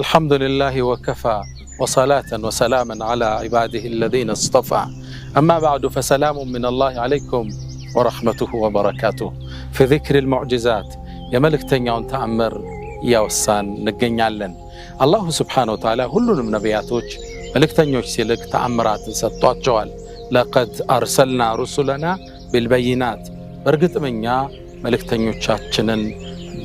الحمد لله وكفى وصلاة وسلاما على عباده الذين اصطفى أما بعد فسلام من الله عليكم ورحمته وبركاته في ذكر المعجزات يا ملك تنعون تعمر يا وسان نقن يعلن الله سبحانه وتعالى هل من نبياتوك ملك تنعون سيلك تعمرات ستوات جوال لقد أرسلنا رسلنا بالبينات برقت من يا ملك تنعون تشاتشنن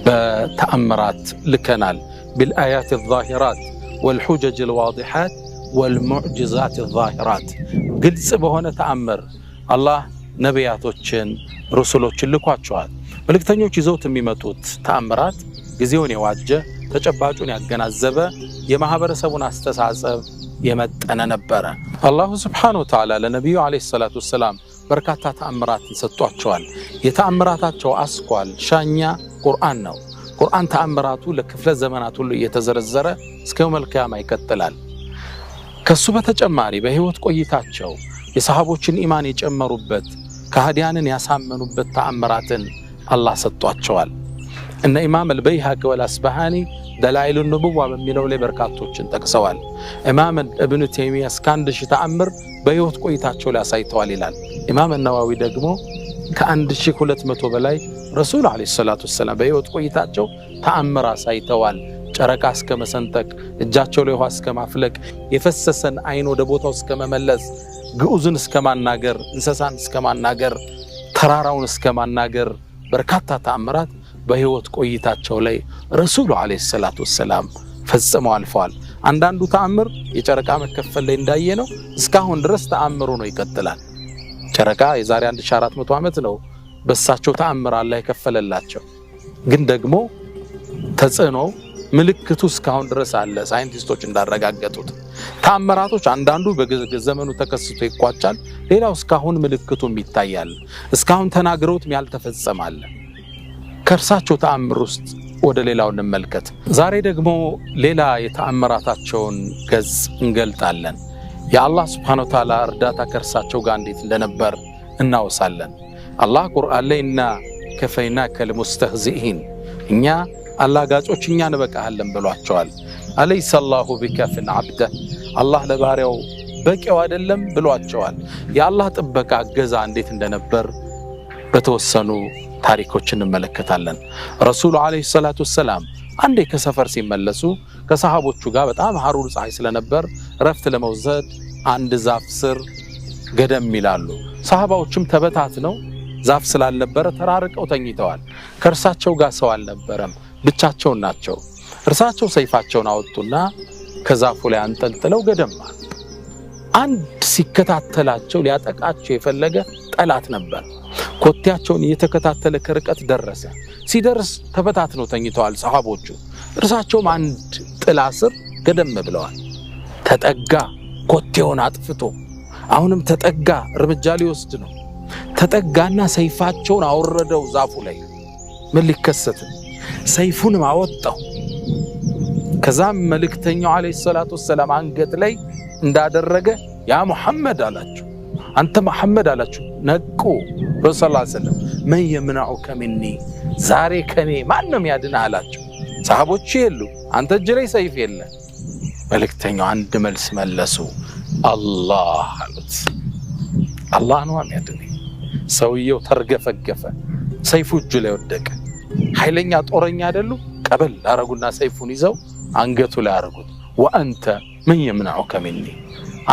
بتعمرات لكنال ቢልአያት ዛሂራት ወልሑጀጅ ልዋዲሓት ወልሙዕጅዛት ዛሂራት ግልጽ በሆነ ተአምር አላህ ነቢያቶችን ሩሱሎችን ልኳቸዋል። መልእክተኞች ይዘውት የሚመጡት ተአምራት ጊዜውን የዋጀ ተጨባጩን ያገናዘበ የማህበረሰቡን አስተሳሰብ የመጠነ ነበረ። አላሁ ስብሓነ ወተዓላ ለነቢዩ ዓለይሂ ሰላቱ ወሰላም በርካታ ተአምራትን ሰጥቷቸዋል። የተአምራታቸው አስኳል ሻኛ ቁርአን ነው። ቁርአን ተአምራቱ ለክፍለ ዘመናት ሁሉ እየተዘረዘረ እስከ መልክያማ ይቀጥላል። ከሱ በተጨማሪ በህይወት ቆይታቸው የሰሃቦችን ኢማን የጨመሩበት ከሃዲያንን ያሳመኑበት ተአምራትን አላህ ሰጥቷቸዋል። እነ ኢማም አልበይሃቂ ወልአስባሃኒ ደላይሉ ንቡዋ በሚለው ላይ በርካቶችን ጠቅሰዋል። ኢማም እብን ቴሚያ እስከ አንድ ሺህ ተአምር በህይወት ቆይታቸው ላይ አሳይተዋል ይላል። ኢማም ነዋዊ ደግሞ ከ1200 በላይ ረሱል ዓለይሂ ሰላቱ ወሰላም በህይወት ቆይታቸው ተአምር አሳይተዋል። ጨረቃ እስከ መሰንጠቅ፣ እጃቸው ላይ ውሃ እስከ ማፍለቅ፣ የፈሰሰን አይን ወደ ቦታው እስከ መመለስ፣ ግዑዝን እስከ ማናገር፣ እንስሳን እስከ ማናገር፣ ተራራውን እስከ ማናገር፣ በርካታ ተአምራት በህይወት ቆይታቸው ላይ ረሱሉ ዓለይሂ ሰላቱ ወሰላም ፈጽመው አልፈዋል። አንዳንዱ ተአምር የጨረቃ መከፈል ላይ እንዳየ ነው። እስካሁን ድረስ ተአምሩ ነው ይቀጥላል። ጨረቃ የዛሬ 1400 ዓመት ነው በሳቸው ተአምር አላህ የከፈለላቸው። ግን ደግሞ ተጽዕኖ ምልክቱ እስካሁን ድረስ አለ። ሳይንቲስቶች እንዳረጋገጡት ተአምራቶች አንዳንዱ በዘመኑ ተከስቶ ይቋጫል፣ ሌላው እስካሁን ምልክቱ ይታያል። እስካሁን ተናግረውትም ያልተፈጸማል። ከእርሳቸው ተአምር ውስጥ ወደ ሌላው እንመልከት። ዛሬ ደግሞ ሌላ የተአምራታቸውን ገጽ እንገልጣለን። የአላህ ስብሓነሁ ወተዓላ እርዳታ ከእርሳቸው ጋር እንዴት እንደነበር እናወሳለን። አላህ ቁርአን ላይ እና ከፈይና ከልሙስተህዚኢን እኛ አላጋጮች እኛ እንበቃሃለን ብሏቸዋል። አለይሰ አላሁ ቢከፍን ዓብደህ አላህ ለባሪያው በቂው አይደለም ብሏቸዋል። የአላህ ጥበቃ እገዛ እንዴት እንደነበር በተወሰኑ ታሪኮች እንመለከታለን። ረሱሉ ዓለይሂ ሰላቱ ወሰላም አንዴ ከሰፈር ሲመለሱ ከሰሃቦቹ ጋር በጣም ሀሩር ፀሐይ ስለነበር እረፍት ለመውሰድ አንድ ዛፍ ስር ገደም ይላሉ። ሰሃባዎችም ተበታት ነው ዛፍ ስላልነበረ ተራርቀው ተኝተዋል። ከእርሳቸው ጋር ሰው አልነበረም፣ ብቻቸውን ናቸው። እርሳቸው ሰይፋቸውን አወጡና ከዛፉ ላይ አንጠልጥለው ገደማ። አንድ ሲከታተላቸው ሊያጠቃቸው የፈለገ ጠላት ነበር። ኮቴያቸውን እየተከታተለ ከርቀት ደረሰ። ሲደርስ ተበታትነው ተኝተዋል ሰሃቦቹ። እርሳቸውም አንድ ጥላ ስር ገደም ብለዋል። ተጠጋ፣ ኮቴውን አጥፍቶ አሁንም ተጠጋ፣ እርምጃ ሊወስድ ነው። ተጠጋና ሰይፋቸውን አወረደው ዛፉ ላይ ምን ሊከሰት ሰይፉንም አወጣው። ከዛም መልእክተኛው ዓለይሂ ሰላቱ ወሰላም አንገት ላይ እንዳደረገ ያ ሙሐመድ አላቸው፣ አንተ መሐመድ አላቸው። ነቁ ረሱል ሰለም መን የምናዑከ ሚኒ ዛሬ ከኔ ማንም ያድና አላቸው። ሰሃቦች የሉ፣ አንተ እጅ ላይ ሰይፍ የለ። መልእክተኛው አንድ መልስ መለሱ። አላህ አሉት። አላህ ነው የሚያድነኝ። ሰውየው ተርገፈገፈ፣ ሰይፉ እጁ ላይ ወደቀ። ኃይለኛ ጦረኛ አይደሉ? ቀበል አረጉና ሰይፉን ይዘው አንገቱ ላይ አረጉት። ወአንተ ምን የምናዑከ ሚኒ፣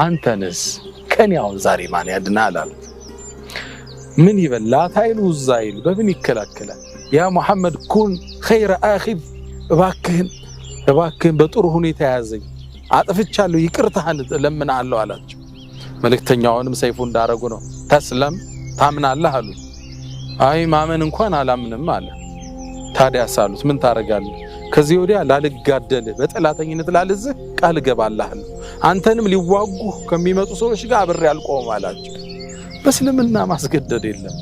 አንተንስ ከኔ አሁን ዛሬ ማን ያድናል አሉት። ምን ይበላ ታይሉ እዛ ይሉ በምን ይከላከላል? ያ ሙሐመድ ኩን ኸይረ አኺዝ እባክህን እባክህን በጥሩ ሁኔታ ያዘኝ፣ አጥፍቻለሁ፣ ይቅርታህን እለምንሃለሁ አላቸው። መልእክተኛውንም ሰይፉ እንዳረጉ ነው። ተስለም ታምናለህ አሉት። አይ ማመን እንኳን አላምንም አለ። ታዲያስ አሉት። ምን ታደርጋለህ? ከዚህ ወዲያ ላልጋደልህ፣ በጠላተኝነት ላልዝህ ቃል እገባልሃለሁ። አንተንም ሊዋጉ ከሚመጡ ሰዎች ጋር አብሬ አልቆምም አላቸው። በእስልምና ማስገደድ የለም።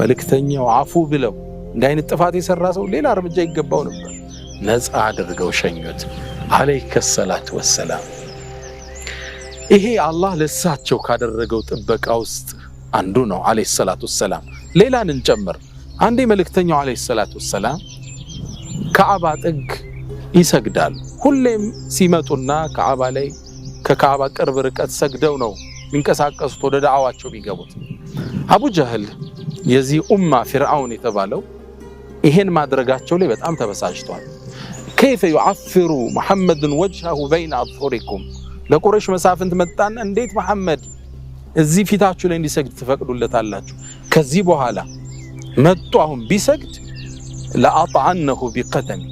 መልእክተኛው አፉ ብለው እንደ አይነት ጥፋት የሰራ ሰው ሌላ እርምጃ ይገባው ነበር። ነፃ አድርገው ሸኙት አለይከ ሰላት ወሰላም። ይሄ አላህ ለሳቸው ካደረገው ጥበቃ ውስጥ አንዱ ነው። አለይ ሰላት ወሰላም። ሌላን እንጨምር። አንዴ መልእክተኛው አለይ ሰላት ወሰላም ከዓባ ጥግ ይሰግዳሉ። ሁሌም ሲመጡና ከዓባ ላይ ከከዓባ ቅርብ ርቀት ሰግደው ነው የሚንቀሳቀሱት ወደ ዳዕዋቸው የሚገቡት። አቡ ጀህል የዚህ ኡማ ፊርአውን የተባለው ይሄን ማድረጋቸው ላይ በጣም ተበሳጭቷል። ከይፈ ዩዓፍሩ ሙሐመዱን ወጅሀሁ በይነ አጥፎሪኩም ለቁረሽ መሳፍንት መጣን እንዴት መሐመድ እዚህ ፊታችሁ ላይ እንዲሰግድ ትፈቅዱለታላችሁ? ከዚህ በኋላ መጡ አሁን ቢሰግድ ለአጣዓነሁ ቢቀደሚ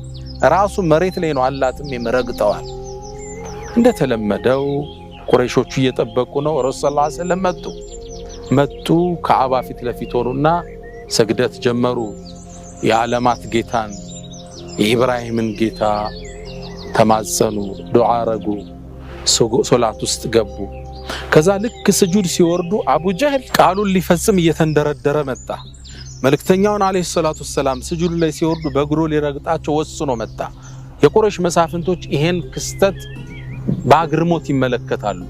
ራሱ መሬት ላይ ነው አላጥም የምረግጠዋል። እንደተለመደው ቁረሾቹ እየጠበቁ ነው። ረሱ ስ መጡ መጡ ከአባ ፊት ለፊት ሆኑና ስግደት ጀመሩ። የዓለማት ጌታን የኢብራሂምን ጌታ ተማጸኑ፣ ዱዓ አረጉ፣ ሶላት ውስጥ ገቡ። ከዛ ልክ ስጁድ ሲወርዱ አቡጀህል ቃሉን ሊፈጽም እየተንደረደረ መጣ። መልእክተኛውን አለይሂ ሰላቱ ሰላም ስጁድ ላይ ሲወርዱ በእግሮ ሊረግጣቸው ወስኖ መጣ። የቁረሽ መሳፍንቶች ይሄን ክስተት በአግርሞት ይመለከታሉ።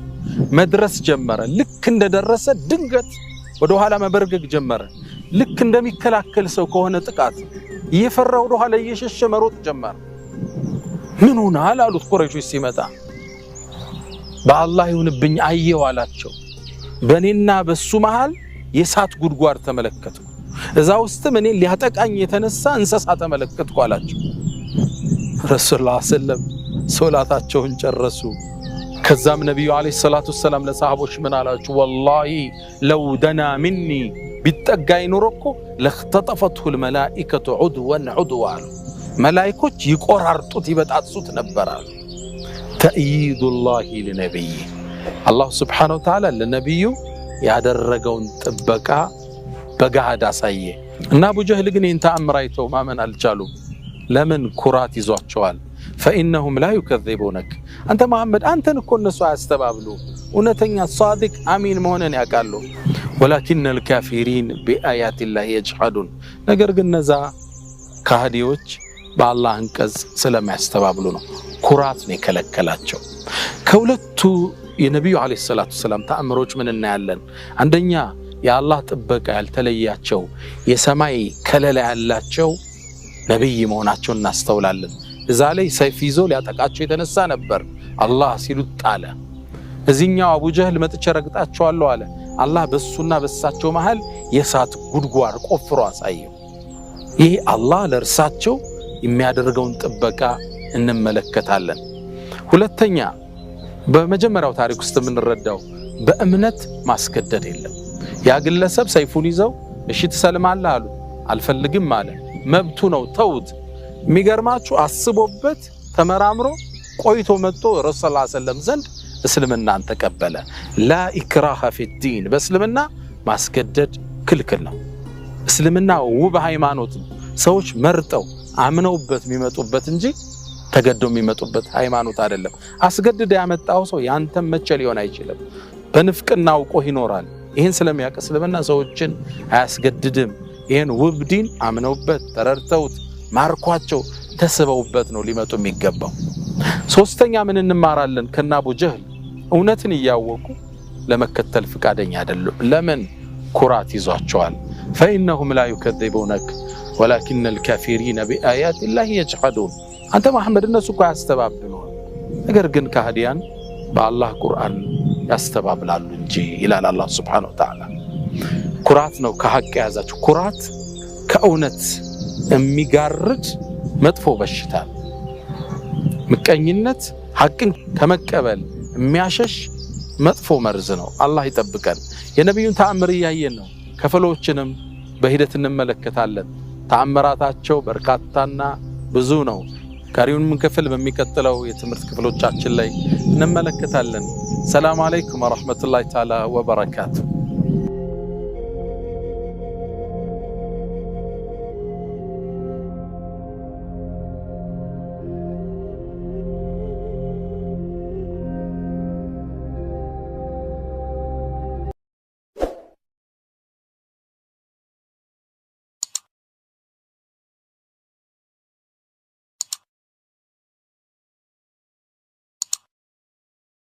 መድረስ ጀመረ። ልክ እንደደረሰ ድንገት ወደኋላ መበርገግ ጀመረ። ልክ እንደሚከላከል ሰው ከሆነ ጥቃት እየፈራ ወደ ኋላ እየሸሸ መሮጥ ጀመር። ምን ሆነሃል አሉት ቁረይሾች ሲመጣ። በአላህ ይሁንብኝ አየው አላቸው። በእኔና በሱ መሃል የእሳት ጉድጓድ ተመለከትኩ፣ እዛ ውስጥም እኔን ሊያጠቃኝ የተነሳ እንስሳ ተመለከትኩ አላቸው። ረሱል ሰለም ሶላታቸውን ጨረሱ። ከዛም ነቢዩ ዓለይሂ ሰላቱ ወሰላም ለሰሃቦች ምን አላችሁ? ወላሂ ለው ደና ሚኒ ቢጠጋኝ ኑሮ እኮ ለክተጠፈትሁ ልመላኢከቱ ዑድወን ዑድዋ አሉ። መላይኮች ይቆራርጡት ይበጣጥሱት ነበር አሉ። ተእይይዱ ልነቢይ አላሁ ስብሓነሁ ወተዓላ ለነቢዩ ያደረገውን ጥበቃ በገሃድ አሳየ እና አቡ ጀህል ግን ይህን ተአምር አይተው ማመን አልቻሉም። ለምን? ኩራት ይዟቸዋል። ፈኢነሁም ላ ዩከዚቡነክ አንተ መሐመድ፣ አንተን እኮ እነሱ አያስተባብሉ። እውነተኛ ሳዲቅ አሚን መሆንን ያውቃሉ። ወላኪነል ካፊሪን ቢአያቲላህ የጅሐዱን። ነገር ግን እነዛ ካህዲዎች በአላህ አንቀጽ ስለሚያስተባብሉ ነው። ኩራት ነው የከለከላቸው። ከሁለቱ የነቢዩ ዓለይሂ ሰላቱ ወሰላም ተአምሮች ምን እናያለን? አንደኛ የአላህ ጥበቃ ያልተለያቸው የሰማይ ከለላ ያላቸው ነቢይ መሆናቸውን እናስተውላለን። እዛ ላይ ሰይፍ ይዞ ሊያጠቃቸው የተነሳ ነበር። አላህ ሲሉት ጣለ። እዚህኛው አቡ ጀህል መጥቼ ረግጣቸዋለሁ አለ። አላህ በሱና በእሳቸው መሃል የእሳት ጉድጓድ ቆፍሮ አሳየው። ይህ አላህ ለእርሳቸው የሚያደርገውን ጥበቃ እንመለከታለን። ሁለተኛ በመጀመሪያው ታሪክ ውስጥ የምንረዳው በእምነት ማስገደድ የለም። ያ ግለሰብ ሰይፉን ይዘው እሺ ትሰልማለህ አሉ። አልፈልግም አለ። መብቱ ነው፣ ተውት። የሚገርማችሁ አስቦበት ተመራምሮ ቆይቶ መጥቶ ረሱል ሰለም ዘንድ እስልምናን ተቀበለ። ላ ኢክራሃ ፊዲን፣ በእስልምና ማስገደድ ክልክል ነው። እስልምና ውብ ሃይማኖት ነው። ሰዎች መርጠው አምነውበት የሚመጡበት እንጂ ተገዶ የሚመጡበት ሃይማኖት አይደለም። አስገድደ ያመጣው ሰው ያንተም መቼ ሊሆን አይችልም። በንፍቅና አውቆህ ይኖራል። ይህን ስለሚያውቅ እስልምና ሰዎችን አያስገድድም። ይህን ውብ ዲን አምነውበት ተረድተውት ማርኳቸው ተስበውበት ነው ሊመጡ የሚገባው። ሶስተኛ ምን እንማራለን ከነ አቡ ጀህል እውነትን እያወቁ ለመከተል ፍቃደኛ አይደሉም። ለምን? ኩራት ይዟቸዋል። ፈኢነሁም ላ ዩከዚቡነክ ወላኪነ ልካፊሪነ ቢአያት ላህ የጅሐዱን። አንተ መሐመድ እነሱ እኮ ያስተባብሉን፣ ነገር ግን ካህዲያን በአላህ ቁርአን ያስተባብላሉ እንጂ ይላል አላህ ስብሓነሁ ወተዓላ። ኩራት ነው ከሀቅ የያዛችሁ። ኩራት ከእውነት የሚጋርድ መጥፎ በሽታ፣ ምቀኝነት ሀቅን ከመቀበል የሚያሸሽ መጥፎ መርዝ ነው። አላህ ይጠብቀን። የነቢዩን ተአምር እያየን ነው። ከፈሎችንም በሂደት እንመለከታለን። ተአምራታቸው በርካታና ብዙ ነው። ቀሪውንም ክፍል በሚቀጥለው የትምህርት ክፍሎቻችን ላይ እንመለከታለን። ሰላም አለይኩም ወረሕመቱላሂ ተዓላ ወበረካቱ።